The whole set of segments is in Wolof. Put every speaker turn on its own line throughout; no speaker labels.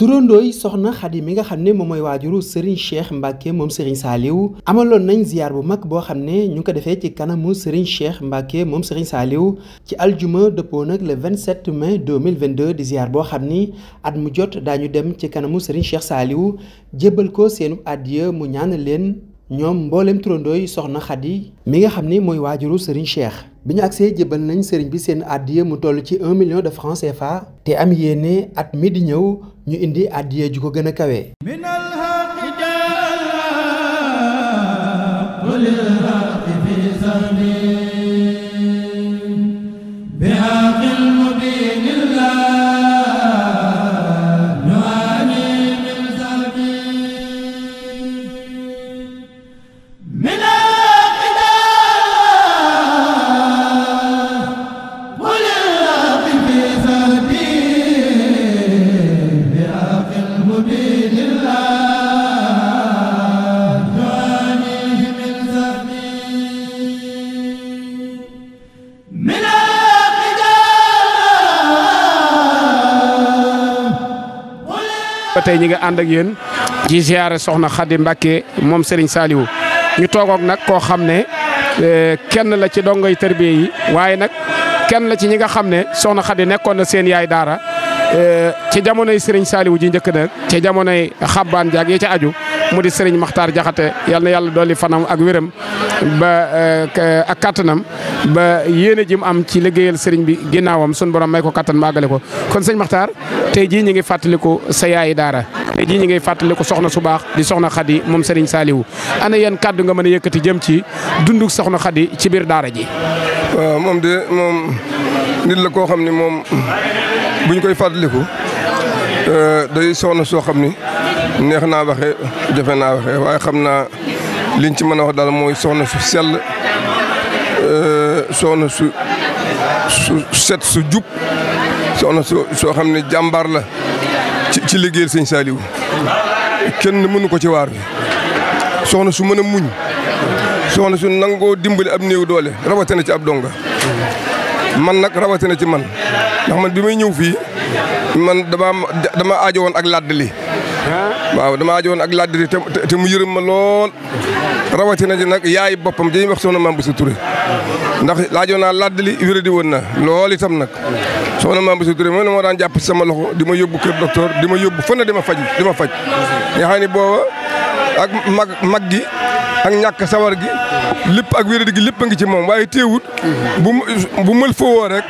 turandooy soxna Xadi mi nga xam ne moom mooy waajuru Serigne Cheikh Mbacke moom Serigne Saliou amaloon nañ ziar bu mag boo xam ne ñu ko defee ci kanamu Serigne Cheikh Mbacke moom Serigne Saliou ci aljuma dëppoo nag le 27 mai 2022 di ziar boo xam ni at mu jot daañu dem ci kanamu Serigne Cheikh Saliou jébbal ko seenu àddiya mu ñaan leen. ñoom mbooleem turandooy soxna Xadi mi nga xam ni mooy waajuru sëriñ Cheikh bi ñu agsee jëbal nañ sëriñ bi seen addiya mu toll ci un million de francs CFA te am yéene at mi di ñëw ñu indi addiya ju ko gën a kawe ñi nga ànd ak yéen ci ziare soxna Khady Mbacke moom Serigne Saliou ñu toogoog nag koo xam ne euh, kenn la ci dongoy tërbiye yi waaye nag kenn la ci ñi nga xam ne soxna Khady nekkoon na seen yaay daara ci jamonoy Serigne Saliou ji njëkk nag cee jamonoy xabbaan jaag yi ca aju mu di Serigne Makhtar Jaxate yal na yàlla dolli fanam ak wéram ba eh, ak kattanam ba yéene ji mu am ci liggéeyal Serigne bi ginnaawam sun borom may ko kattan maagale ko kon sëñ Makhtar tey jii ñu ngi fàttaliku sa yaayi daara. tey jii ñi ngay fàttaliku soxna su baax di soxna Xadi moom Serigne Saliou ana yan kàddu nga mën a yëkkati jëm ci dunduk soxna Xadi ci biir daara ji.
moom de moom nit la koo xam ne moom buñ koy fàttaliku euh, day soxna soo xam ni neex naa waxe jafe naa waxe waaye xam naa liñ ci mën a wax daal mooy soxna su sell euh, soxna su su set su jub soxna su soo xam ne jàmbaar la. ci liggéeyal sëñ Saliou kenn mënu ko ci waar bi soxna su mën a muñ soxna su nangoo dimbali ab néew doole rawatina ci ab donga man nag rawatina ci man ndax man bi may ñëw fii man dama dama aajo woon ak laddali waaw damaa joon ak laaj te mu yërëm ma lool rawatina ji nag yaay boppam dañuy wax soona Mame Bousso Touré ndax laajoon naa laddali wéré di woon na lool itam nag soxna Mame Bousso Touré moom la ma daan jàpp sama loxo di ma yóbbu kër docteur di ma yóbbu fan di ma faj di ma faj nga xam ne booba ak mag mag gi ak ñàkk sawar gi lépp ak wéré gi lépp a ngi ci moom waaye téewut bu bu mël fowoo rek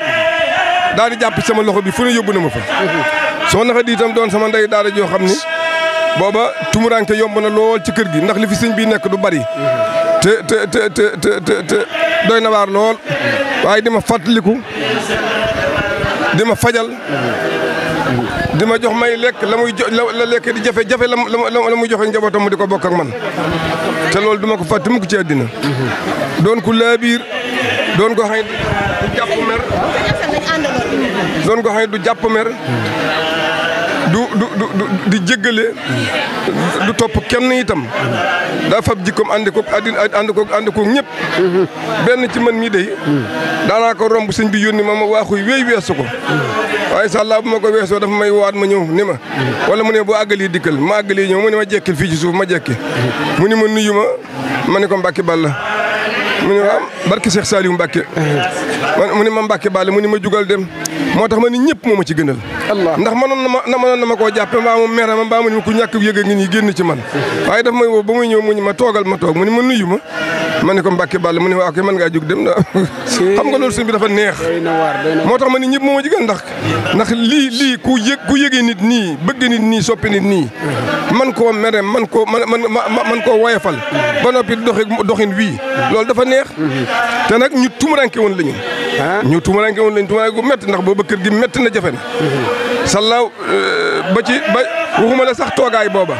daal di jàpp sama loxo bi fu ne yóbbu na ma fa soxna Xadi itam doon sama ndey daara joo xam ni booba tumuranke yomb na lool ci kër gi ndax li fi bi nekk du bari te te te te te doy na waar lool waaye di ma fàttaliku di ma fajal di ma jox may lekk la muy la lekk di jafe-jafe la la muy joxe njabootam mu di ko bokk ak man te loolu duma ko fàtte mukk ci àddina doon ku laabiir doon ko xëy du jàpp mer doon ko xëy du jàpp mer du du du di jéggale du topp kenn itam daa fab jikkoom ànd koog àddina ànd koog ànd koog ñëpp benn ci man mii de daanaa ko romb sëñ bi yónni ma ma waaxuy wéy weesu ko waaye sàllaa bu ma ko weesoo dafa may waat ma ñëw ni ma wala mu ne boo àggalee dikkal ma àggalee ñëw mu ne ma jekkil fii ci suuf ma jekki mu ni ma nuyu ma ma ne ko mbàkki balla mu ne waaw barki Seex Saaliw Mbàkke mu ne ma mbàkki bal la mu ni ma jugal dem moo tax ma ni ñëpp moo ma ci gënal ndax mënoon na ma mënoon na ma koo jàppe mbaa mu mere ma mbaa mu ni ma ku ñàkk yëg a ngi nii génn ci man waaye daf may ba muy ñëw mu ni ma toogal ma toog mu ni ma nuyu ma ma ne ko mbàkke bàll mu ni waaw kay man ngaa jóg dem na xam nga loolu suñ bi dafa neex moo tax ma ni ñëpp moo ma ci gën ndax ndax lii lii ku yëg ku yëgee nit nii bëgg nit nii soppi nit nii man koo mere man koo man man koo woyefal ba noppi doxi doxin wii loolu dafa neex mm-hmm. te nag ñu tumuranke woon la ñu ñu tumalanke woon lañ tumalanke gu métti ndax booba kër gi métti na jafe na sallaaw euh, ba ci ba waxuma sax toogaay booba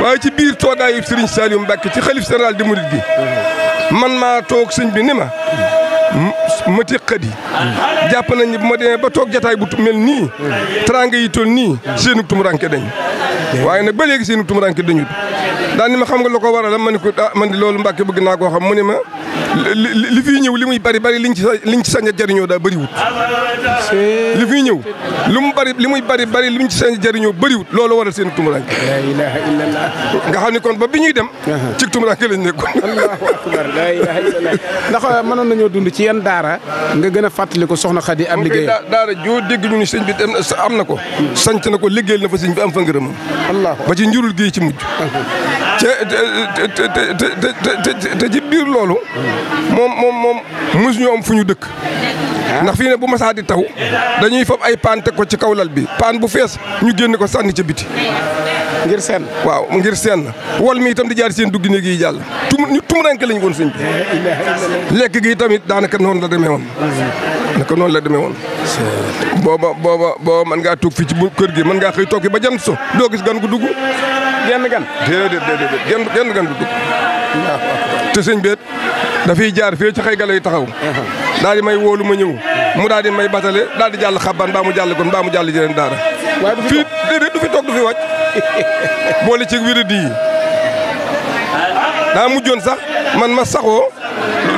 waaye ci biir toogaayu Serigne Saliou Mbacke ci xalif général di murid gi man maa toog sëñ bi ni ma ma téqat jàpp nañ ni bu ma demee ba toog jataay bu mel nii teraanga yi toll nii tumuranke dañ waaye nag ba léegi seenu tumuranke dañu daan xam nga la ko waral ma ni ku ah, man di loolu mbakke bëgg naa ko xam mu ne ma li fiy ñëw li muy bari bari liñ ci sa liñ ci sañ a jëriñoo daa bëriwut. li fiy ñëw mu bari li muy bari bari liñ ci sañ a jëriñoo bëriwut loolu waral seen tumuraanke. laa ilaaha illallah. nga xam ne kon ba bi ñuy dem. ci tumuraanke lañ nekkoon. allahu ko laa ilaaha illallah ndax mënoon nañoo dund ci yan daara
nga gën a fàttali ko soxna Xadi am liggéey
daara joo dégg ñu ni sëñ bi am na ko. sant na ko liggéeyal na fa sëñ bi am fa ngërëm. ba ci njurul gi ci mujj. te te te te te ci biir loolu moom moom moom mësuñu am fu ñu dëkk ah. ndax fii ne bu masaa di taw dañuy fab ay paan teg ko ci kaw lal bi paan bu fees ñu génn ko sànni ci biti ngir seen waaw ngir seen wol mi itam di jaar seen dugg néeg yi jàll tum ñu tumuranke lañ woon sëñ bi lekk gi tamit daanaka noonu la demee woon naka noonu la demee woon booba booba booba mën ngaa toog fii ci bu kër gi mën ngaa xëy toog ba jant so doo gis gan gu dugg genn gan déedéet déedéet genn gan gu dugg te sëñ beet dafay jaar fii ci xëy ga lay taxaw daal di may wóolu ma ñëw mu daal di may batale daal di jàll xabban baa mu jàll kon baa mu jàll jëleen daara fii déedéet du fi toog du fi wàcc boole ci wiridi daa mujjoon sax man ma saxoo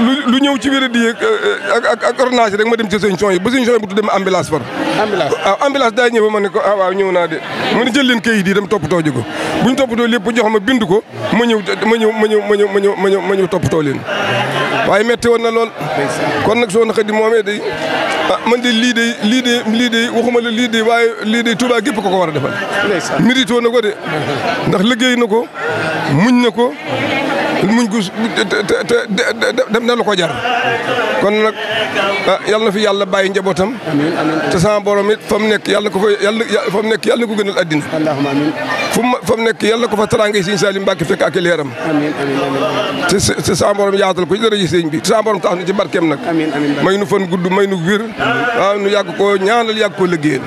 lu lu ñëw ci wér di euh, euh, ak ak ordonnance rek ma dem ci sëñ son yi ba sëñ son yi bu tuddee ma ambulance far. ambulance ah, waaw ambulance daa ñëw ba ma ne ko ah waaw ñëw naa de. mu ne jël leen kayit yi dem toppatoo ji ko bu ñu toppatoo lépp jox ma bind ko ma ñëw ma ñëw ma ñëw ma ñëw ma ñëw ma ñëw toppatoo leen. waaye metti woon na lool. kon nag soxna Xadi moomee day ah man de lii de lii de lii de waxuma la lii de waaye lii de Touba gépp ko ko war a defal. mérite na ko de. ndax liggéey na ko muñ na ko. muñ gu dem na lu ko jar kon nag ah, yàlla na fi yàlla bàyyi njabootam te sama borom it fa mu nekk yàlla ko fa yàlla fa mu nekk ko gënal addina fa mu nekk yàlla ko fa taraangay sëñ Salim Mbacke fekk ak leeram amin amin te sama borom yaatal ko ci dara ji sëñ bi sama borom tax na ci barkeem nag may nu fan gudd may nu wér waaw ah, nu yàgg koo ñaanal yàgg koo liggéeyal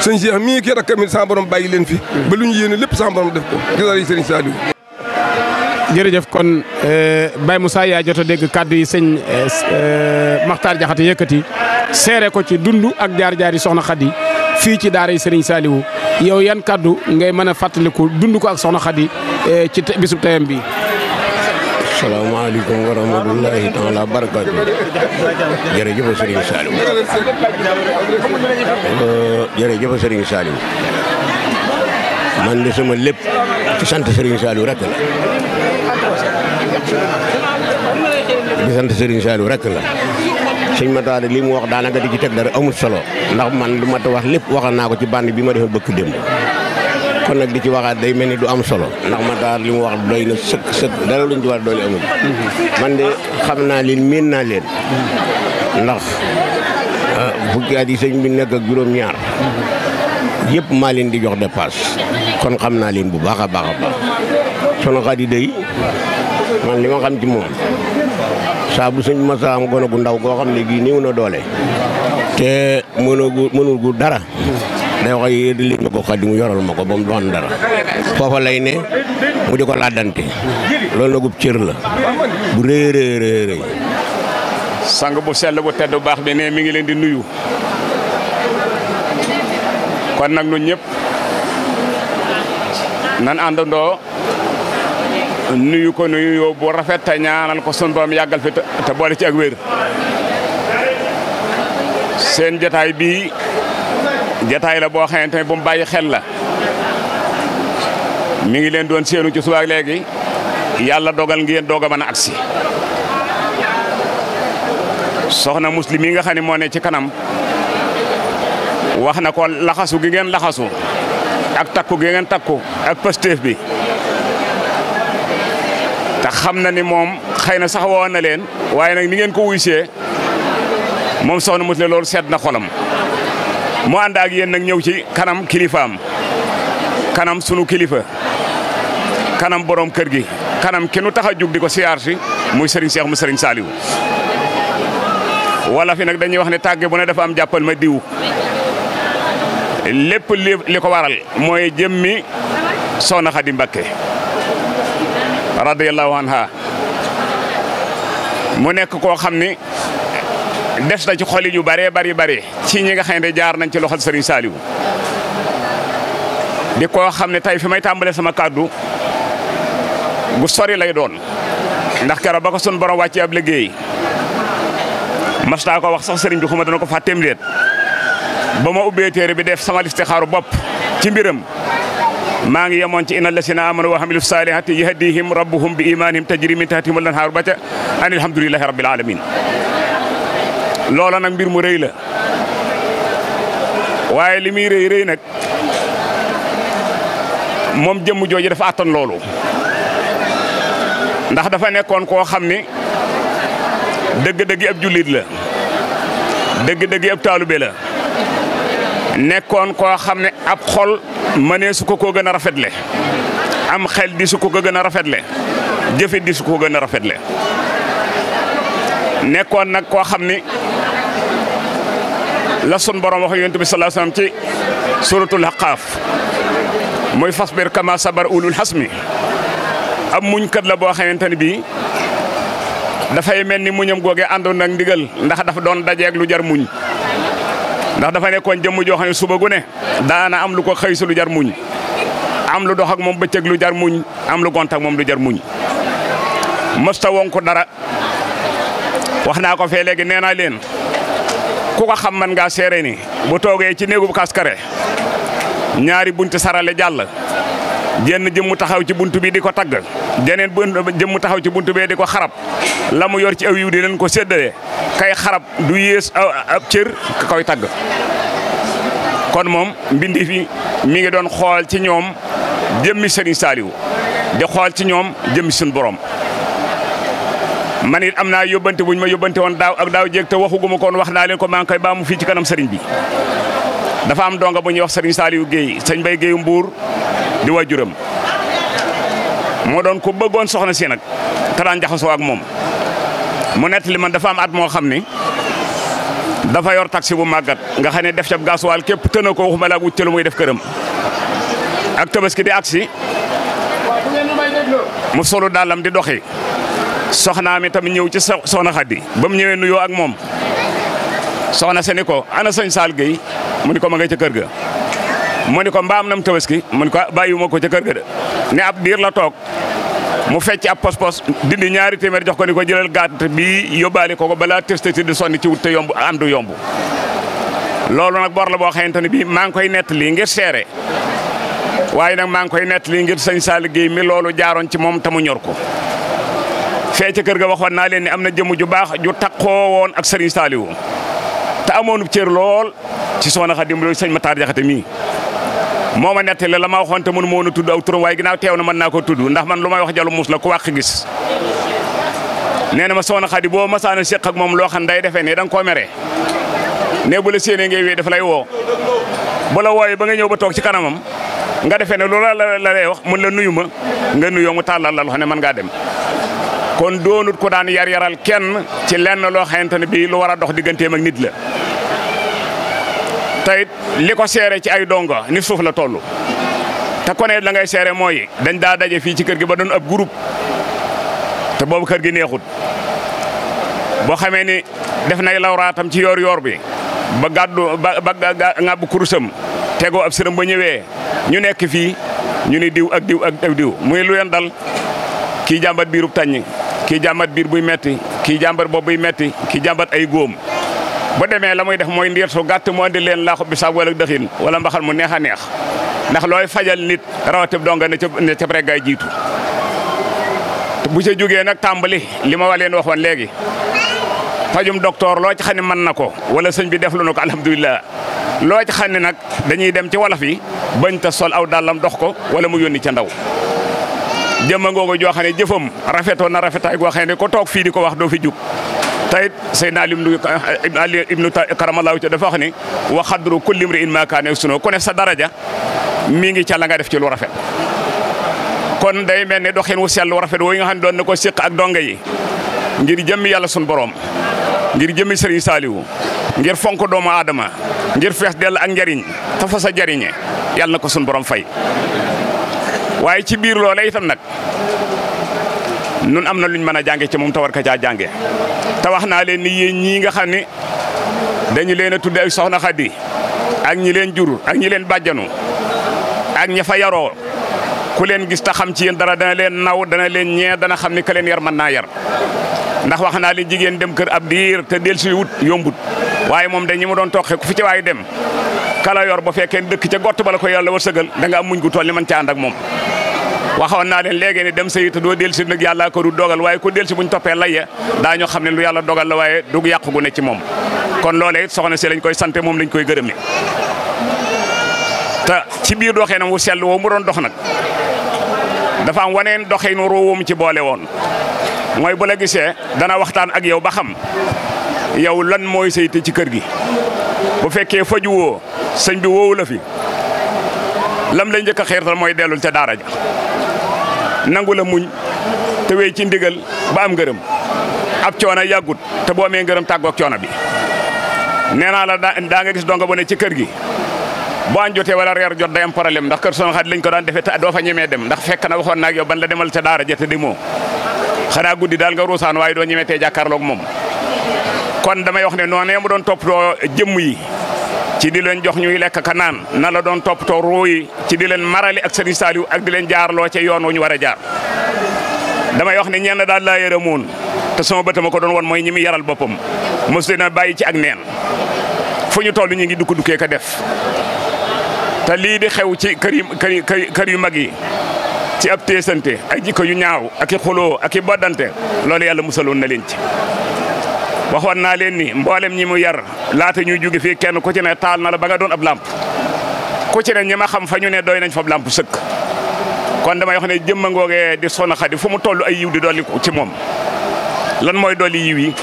sëñ Cheikh mii kii rakkam it sama bàyyi leen fi ba lu ñu yéene lépp sama def ko ci dara ji sëñ Salim
jërëjëf kon euh, Baye Moussa yaa jot a dégg kàddu yi sëñ euh, euh, Makhtar Diakhaté yëkkati seere ko ci dund ak jaar-jaar soxna Khady fii ci daara yi Serigne yow yan kàddu ngay mën a fàttaliku dund ko ak soxna ci bisub tayam bi.
salaamaaleykum wa rahmatulahi taala barakaatu jërëjëf Serigne Saliou jërëjëf Serigne man de sama lépp ci sant Serigne Saliou rek la. di sant Serigne Saliou rek la sëñ ma Mataare li mu wax daanaka di ci teg dara amul solo ndax man lu mat a wax lépp waxal naa ko ci bànd bi ma defal bëkk démb kon nag di ci waxaat day mel ni du am solo ndax ma Mataare li mu wax doy na sëkk sëkk dara luñ ci war doole amul man de xam naa leen miin naa leen ndax ah, fukki at yi sëñ bi nekk ak juróom-ñaar yëpp maa leen di jox dépasse kon xam naa leen bu baax a baax a baax soxna Xadi dey man li ma xam ci moom saa bu sëñ Massa am gone gu ndaw goo xam ne gii néew na doole te mënul mënul gu dara day wax yéen di ko xadi mu yoral ma ko ba mu doon dara foofa lay ne mu di ko laddante loolu nagub cër la
bu rëy rëy sang bu sell bu tedd bu baax bi ne mi ngi leen di nuyu kon nag ñun ñëpp nan àndandoo nuyu ko nuyu yow bu rafet te ñaanal ko sunu borom yàggal fi te boole ci ak wér seen jataay bii jataay la boo xamante ne bu mu bàyyi xel la mi ngi leen doon seenu ci suba léegi yàlla dogal ngeen doog a mën a agsi soxna muslim mi nga xam ne moo ne ci kanam wax na ko laxasu gi ngeen laxasu ak takku gi ngeen takku ak pastéef bi te xam na ni moom xëy na sax woon na leen waaye nag ni ngeen ko wuysee moom soxna Mously loolu sedd na xolam mu ànd ak yéen nag ñëw ci kanam kilifaam kanam sunu kilifa kanam boroom kër gi kanam ki nu tax a jug di ko siyaar si muy Serigne Cheikh mu Serigne Saliou wala fi nag dañuy wax ne tàgge bu ne dafa am jàppal ma diw lépp li ko waral mooy jëmmi soxna Xadi Mbakke radiyallahu anha mu nekk koo xam ni des ci xoli yu bëree bari bëri ci ñi nga xam ne jaar nañ ci loxol Serigne Saliou di koo xam ne tey fi may tàmbalee sama kàddu gu sori lay doon ndax keroog ba ko sun borom wàccee ab liggéey mas naa ko wax sax Serigne bi xuma dana ko fàtteem déet ba ma ubbee bi def sama listixaaru bopp ci mbiram. maa ngi yemoon ci inna lasina amanu wa hamilu salihati yahdihim rabbuhum bi imanihim tajri min tahtihim al-anhar ba ca an alhamdulilahi rabbil loola nag mbir mu rëy la waaye li muy rëy rëy nag moom jëm jooju dafa attan loolu ndax dafa nekkoon koo xam ni dëgg-dëgg ab jullit la dëgg-dëgg ab taalube la nekkoon koo xam ne ab xol mënee su ko koo gën a rafetle am xel di su ko ko gën a rafetle jëfe di su ko gën a rafetle nekkoon nag koo xam ni la sun borom wax yonent bi sallallahu alayhi wasallam ci suratul Haqaaf muy fasbir kama sabar ulul hasmi am muñ kat la boo xamante ni bii dafay mel ni muñam googee àndoon ak ndigal ndax dafa doon dajeeg lu jar muñ ndax dafa nekkoon jëmm joo xam ne suba gu daana am lu ko xëy jar muñ am lu dox ak moom bëccëg lu jar muñ am lu gont moom lu jar muñ mësta won dara wax naa ko fee léegi nee naa leen ku ko xam man ngaa seere ni bu toogee ci néegu kaskare ñaari bunti sarale jàll jenn jëmm taxaw ci bunt bi di ko tagg jeneen jëmm taxaw ci bunt bee di ko xarab la mu yor ci aw di leen ko séddale kay xarab du yées ab cër ka koy tagg kon moom mbindi fi mi ngi doon xool ci ñoom jëmmi Serigne Saliou di xool ci ñoom jëmmi suñu borom man it am naa yóbbante buñ ma yóbbante woon daaw ak daaw jéeg te waxuguma koon wax naa leen ko maa ngi koy baamu fii ci kanam Serigne bi dafa am donga bu ñuy wax Serigne Saliou Guèye Bay Guèye Mbour di waajuram moo doon ko bëggoon soxna si nag te daan jaxasoo ak moom mu nettali man dafa am at moo xam ni dafa yor taxi bu màggat nga xam ne def ca gasoil képp tëna ko waxuma la ak wuccelu muy def këram ak tabaski di agsi mu solu dàllam di doxi soxnaa mi tamit ñëw ci soxna Xadi ba mu ñëwee nuyoo ak moom soxna se ni ko ana sëñ Saal Gueye mu ni ko ma ca kër ga mu ni ko mbaam nam tabaski mu ni ko ah, bàyyiwuma ko ca kër ga de ne ab diir la toog mu fecc ab pos-pos dindi ñaari téeméer jox ko ni ko jëlal gàtt bi yóbbaale ko ko bala testé ci di sonni ci wut te yomb am du yomb loolu nag bor la boo xamante ne bii maa ngi koy nett ngir seere waaye nag maa ngi koy nett lii ngir sëñ saali Guèye mi loolu jaaroon ci moom te mu ñor ko fee ca kër ga waxoon naa leen ni am na jëmm ju baax ju takkoo woon ak sëriñ Saliou te amoon cër lool ci soxna Xadim loolu sëñ Matar Jaxate mii moo ma nettali la ma waxoon te mënu ma woon a tudd aw turam waaye ginnaaw teew na mën naa ko tudd ndax man lu may wax jalu muus la ku wàq gis nee na ma soxna Xadi boo ma masaana séq ak moom loo xam day defe ne da nga koo mere ne bu la séenee ngay wéy dafa lay woo bu la wooyee ba nga ñëw ba toog ci kanamam nga defe ne loola la la lay wax mun la nuyu ma nga nuyoo mu tàllal la loo xam ne mën ngaa dem kon doonut ko daan yar yaral kenn ci lenn loo xamante ne bii lu war a dox digganteem nit la te it li ko seere ci ay donga ni suuf la toll te ko ne ngay seere mooy dañ daa daje fii ci kër gi ba doon ab groupe te boobu kër gi neexut boo xamee ni def nay lawraatam ci yoor-yoor bi ba gàddu ba ba ŋàbb kurusam tegoo ab sërëm ba ñëwee ñu nekk fii ñu ni diw ak diw ak diw muy lu leen dal kii jàmbat biirub tàññ kii jàmbat biir buy metti kii jàmbat bopp metti kii jàmbat ay góom. bu demee la muy def mooy ndiir su gàtt mu andi leen laaxu bisaab wala dëxin wala mbaxal mu neex a neex ndax looy fajal nit rawatib donga na ca ne ca rek gaay bu ca jógee nag tàmbali li ma wa leen waxoon léegi fajum docteur loo ci xam ne mën na ko wala sëñ bi def lu na ko alhamdulilah loo ci xam ne nag dañuy dem ci wolof yi bañ ta sol aw dàllam dox ko wala mu yónni ca ndaw jëmm ngoogu joo xam ne jëfam rafetoon na rafetaay goo xam ne ko toog fii di ko wax doo fi jug tayit Seydina Ali ibnu Karamallahu eh, ta dafa wax ni wa xadru kulli imri'in ma kaana sunoo ku ne sa daraja mii ngi ca la nga def ci lu rafet kon day mel ne doxin wu sell wu rafet wooyu nga xam ne doon na ko siq ak donga yi ngir jëmmi yàlla sun borom ngir jëmmi Serigne Saliou ngir fonk doomu aadama ngir fees dell ak njariñ te fa sa jariñe yàlla ko sun borom fay waaye ci biir loola itam nag nun am na luñ mën a jànge ci moom te war ka caa jànge te wax naa leen ni yéen ñii nga xam ne dañu leen a tudde ay soxna Xadi ak ñi leen jur ak ñi leen bàjjanu ak ña fa yaroo ku leen gis ta xam ci yéen dara dana leen naw dana leen ñee dana xam ni ka leen yar mën naa yar ndax wax naa leen jigéen dem kër ab diir te del si wut yombut waaye moom dañu ma doon toqe ku fi ci waaye dem kala yor ba fekkee dëkk ca gott bala ko yàlla wërsëgal da danga am muñ gu toll ni man ca ànd moom waxoon naa leen léegi ne dem sa yi doo dellusi nag yàlla ko du dogal waaye ku dellusi bu ñu toppee lay ya daañu xam ne lu yàlla dogal la waaye du yàqu gu ne ci moom kon loolee it se lañ koy sante moom lañ koy gërëme te ci biir doxee na wu sell woo mu doon dox nag dafa am waneen doxee nu ruwum ci boole woon mooy bu la gisee dana waxtaan ak yow ba xam yow lan mooy sayte ci kër gi bu fekkee faju woo sëñ bi woowu la fi lam lay njëkk a xiirtal mooy dellul ca daara ja nangu la muñ te wéy ci ndigal ba am ngërëm ab coono yàggut te boo amee ngërëm tàggoog coono bi. nee naa la daa nga gis donga bu ne ci kër gi boo añ jotee wala reer jot day am problème ndax kër son xat lañ ko daan defee te doo fa ñemee dem ndax fekk na waxoon naag yow ban la demal ca daara jete di moo xanaa guddi daal nga ruusaan waaye doo ñemee tee jàkkaarloog moom kon damay wax ne noonee mu doon toppatoo jëmm yi ci di leen jox ñuy lekk ka naan na la doon toppatoo ruu ci di leen marali ak sëriñ Saliou ak di leen jaarloo ca yoon wu ñu war a jaar damay wax ne ñenn daal laa yërëmoon te sama bët ko doon woon mooy ñi muy yaral boppam mos leen a bàyyi ci ak neen fu ñu toll ñu ngi dukk dukkee ka def te lii di xew ci kër yu kër yu mag yi ci ab teesante ak jikko yu ñaaw ak i xuloo ak i boddante loolu yàlla musaloon na leen ci. waxoon naa leen ni mboolem ñi mu yar laata ñuy jóge fii kenn ku ci ne taal na la ba nga doon ab làmp ku ci ne ñi ma xam fa ñu ne doy nañ fa ab làmp sëkk kon damay wax ne jëmma ngoogee di sona xadi fu mu toll ay yiw di dolli ci moom lan mooy dolli yiw yi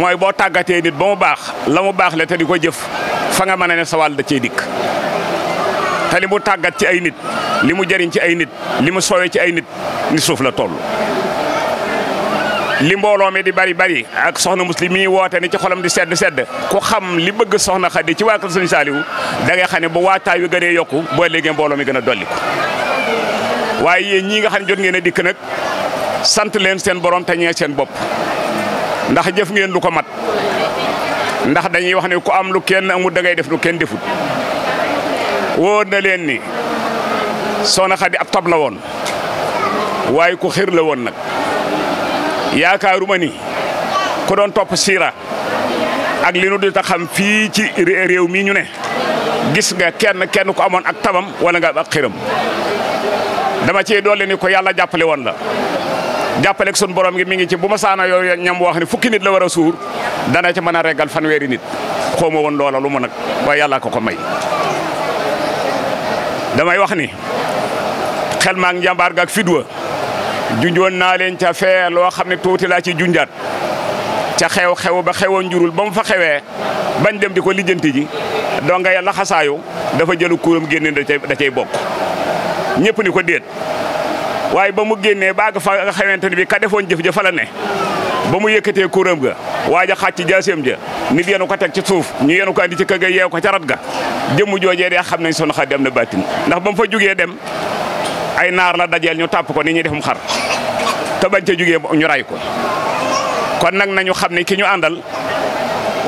mooy boo tàggatee nit ba mu baax la mu baax le te di ko jëf fa nga mën ne sa da cee dikk te li mu tàggat ci ay nit li mu jëriñ ci ay nit li mu soowee ci ay nit ni suuf la toll li mbooloo mi di bari bari ak soxna muslim mi woote ni ci xolam di sedd sedd ku xam li bëgg soxna xadi ci waa kër sëñ saaliwu da ngay xam ne bu waataay wi gënee yokku boo léegi mbooloo mi gën dolli waaye yéen ñii nga xam ne jot ngeen a dikk nag sant leen seen borom te ñee seen bopp ndax jëf ngeen lu ko mat ndax dañuy wax ne ku am lu kenn amul da def lu kenn defut wóor na leen ni soxna xadi ak tab la woon waaye ku xir la woon nag yaakaaruma ni ku doon topp siira ak li nu di ta xam fii ci réew mi ñu ne gis nga kenn kenn ku amoon ak tabam wala nga ak xiram dama cee doole ni ko yàlla jàppale woon la jàppale ak sun borom ngi mi ngi ci bu ma saana yooyu ñam wax ni fukki nit la war a suur dana ci mën a reggal fanweeri nit xaw ma woon loola lu mu nag waaye yàlla ko ko may damay wax ni xel maak njàmbaar gaak fidwa junjoon naa leen ca fee loo xam ne tuuti laa ci junjaat ca xew-xew ba xewoon njurul ba mu fa xewee bañ dem di ko lijjanti ji donga ya laxasaayu dafa jëlu kuuram génne da cay bokk ñëpp ni ko déet waaye ba mu génnee baa nga fa nga xamante ne bi ka defoon jëf ja fa la ne ba mu yëkkatee kuuram ga waaj a xàcc jaaseem ja nit yenu ko teg ci suuf ñu yenu ko andi ci kër ga yeew ko ca rat ga jëmm joojee dee xam nañ son xadi am na baatin ndax ba mu fa jugee dem ay naar la dajeel ñu tàpp ko ni ñuy defum xar te bañ ca jugee ñu ray ko kon nag nañu xam ne ki ñu àndal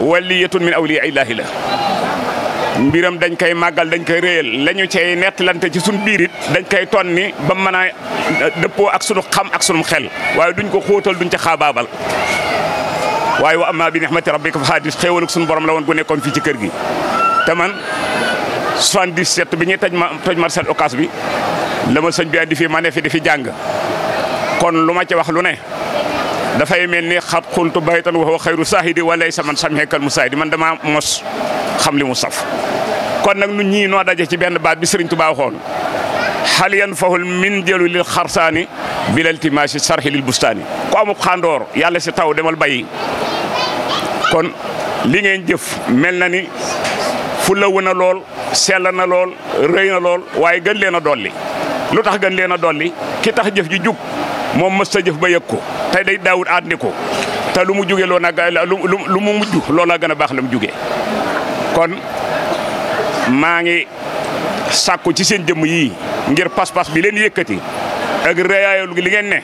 waliyatun min awliya illahi la mbiram dañ koy màggal dañ koy réyal la ñu cay nettalante ci suñ biirit dañ koy tonni ba mën a euh, dëppoo ak sunu xam ak sunum xel waaye duñ ko xóotal duñ ca xaabaabal waaye wa amma bi nixmati rabbika fa xaadis xéewaluk suñu borom la woon gu nekkoon fii ci kër gi te 77 bi ñuy toj ma toj marché bi la ma sëñ bi andi fii ma ne fi di fi jàng kon lu ma ci wax lu ne dafay mel ni xat xultu baytan waxoo xayru saahidi walay saman samheekal mu saahidi man dama mos xam li mu saf kon nag ñun ñii noo daje ci benn baat bi Serigne Touba waxoon xal yan fahul min jëlu lil xarsaani bilal timaasi sarxi lil bustaani ku amul xandoor yàlla si taw demal bayi kon li ngeen jëf mel na ni fu la wën a lool sell na lool rëy na lool waaye gën leen a dolli lu tax gën leen a dolli ki tax jëf ji jub moom mës jëf ba yëg ko te day daawut àndi ko te lu mu jugee loo nag lu mu mujj gën a baax la mu jugee kon maa ngi sàkku ci seen jëmm yi ngir pas-pas bi leen yëkkati ak rëyaayul gi li ngeen ne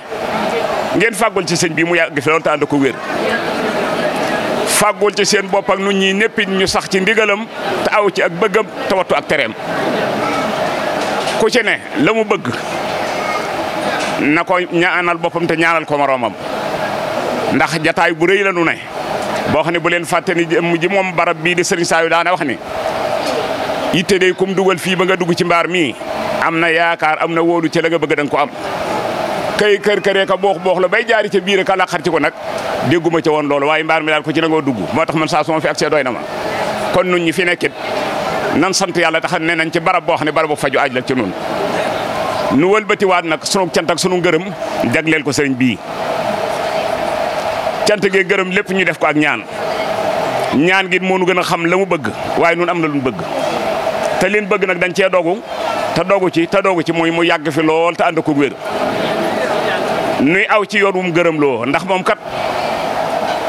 ngeen fàggul ci sëñ bi mu yàgg fi loolu te ànd ko wér fàggul ci seen bopp nu ñii néppit ñu sax ci ndigalam te aw ci ak bëggam te wattu ak tereem ku ci ne la mu bëgg na ko ñaanal boppam te ñaanal ko moroomam ndax jataay bu rëy la nu ne boo xam ne bu leen fàtte ni jëmm ji moom barab bii di sëriñ saa yu daana wax ni itte day kum dugal fii ba nga dugg ci mbaar mii am na yaakaar am na woolu ci la nga bëgg danga ko am kay kër këree a boox boox la bay jaari ca biir ka laqar ci ko nag dégguma ca woon loolu waaye mbaar mi daal ko ci nangoo dugg moo tax man saa fi accès doy na ma kon nun ñi fi nekkit nan sant yàlla tax ne nañ ci barab boo xam ne barabu faju aaj la ci nun nu waat nag sunu cant ak sunu ngërëm jagleel ko sëriñ bii cant gee ngërëm lépp ñu def ko ak ñaan ñaan gi moo nu gën a xam la mu bëgg waaye nun am na lu bëgg te leen bëgg nag dañ cee dogu mu yàgg fi lool nuy aw ci yoon wu gërëm loo ndax moom kat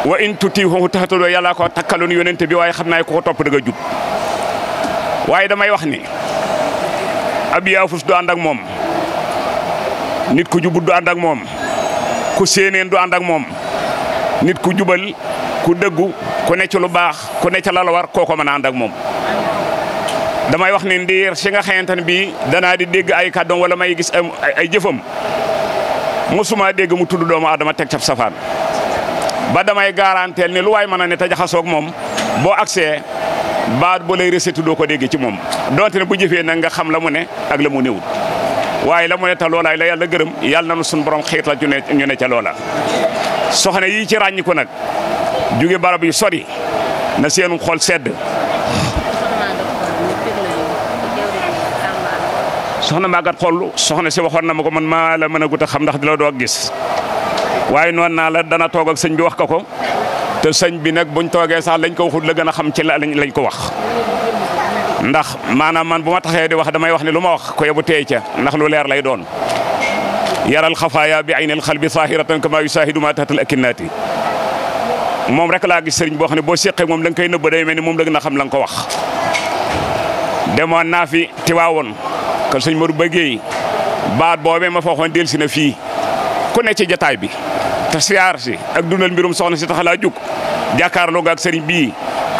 wa in tutiihu tahtadoo yàlla ko takkaloon yonente bi waaye xam naa ko ko topp dëgg a jub waaye damay wax ni ab yaafus du ànd ak moom nit ku jubut du ànd moom ku séeneen du ànd ak moom nit ku jubal ku dëggu ku ne ci lu baax ku ne ca la la war kooko mën a ànd ak moom damay wax ni ndiir si nga xamante ne bii danaa di dégg ay kàddoom wala may gis ay jëfam mosuma dégg mu tudd doomu aadama teg ca safaan ba damay garanteel ne lu waay man a ne te jaxasoog moom boo accès baat boo lay resetu doo ko dégg ci moom donte ne bu jëfee nag nga xam la mu ne ak la mu néewul waaye la mu ne te loolaay la yàlla gërëm yàlla na nu suñu borom xiit la ñu ne ñu ne ca loola. soxna yi ci ràññiku nag jóge barab yu sori na seen xol sedd soxna Maguette xool soxna si waxoon na ma ko man maa la mën a gut a xam ndax di la doog gis waaye noonu naa la dana toogak sëñ bi wax ko ko te sëñ bi nag buñ toogee sax lañ ko waxul la gën a xam ci la lañ ko wax. ndax maanaam man bu ma taxee di wax damay wax ne lu ma wax ko bu teey ca ndax lu leer lay doon. yaral xafaaya bi ay bi aynil xalbi saahiratan kama yusaahidu ma taxtal akinnaati moom rek laa gis sëriñ boo xam ne boo séqee moom la nga koy nëbb day mel ni moom la gën a ko wax. demoon naa fi tiwaawoon. kër ma Modou Bëggey baat boobee ma fooxoon del si na fii ku ne ci jataay bi te siyaar si ak dundal mbirum soxna si taxalaa jug jàkkaarloo ak sëriñ bii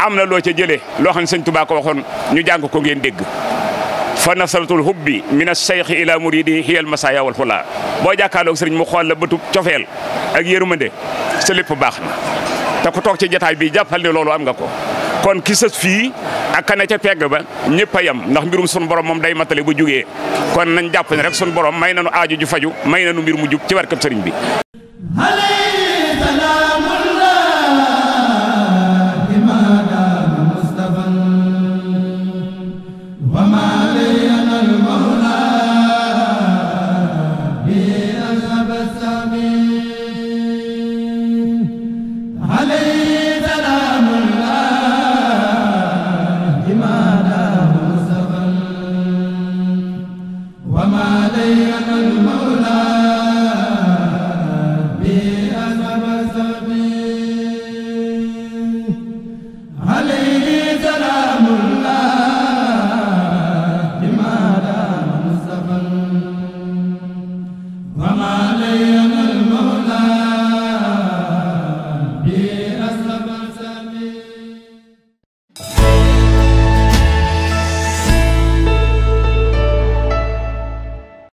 am na loo ca jëlee loo xam ne sëñ Tuubaa waxoon ñu jàng ko ngeen dégg fa nasratul hubbi min ash-shaykh ila muridi hiya al-masaya wal xula boo sëriñ mu xool la bëtub cofeel ak yërmande sa lépp baax na te ku toog ci jataay bi jàppal ne loolu am nga ko kon ki sës fii ak ca pegg ba ñëpp a yem ndax mbirum sunu borom moom day matale bu jugee kon nañ jàpp ne rek sunu borom may nañu aaju ju faju may nu mbir mu jug ci barkab sëriñ bi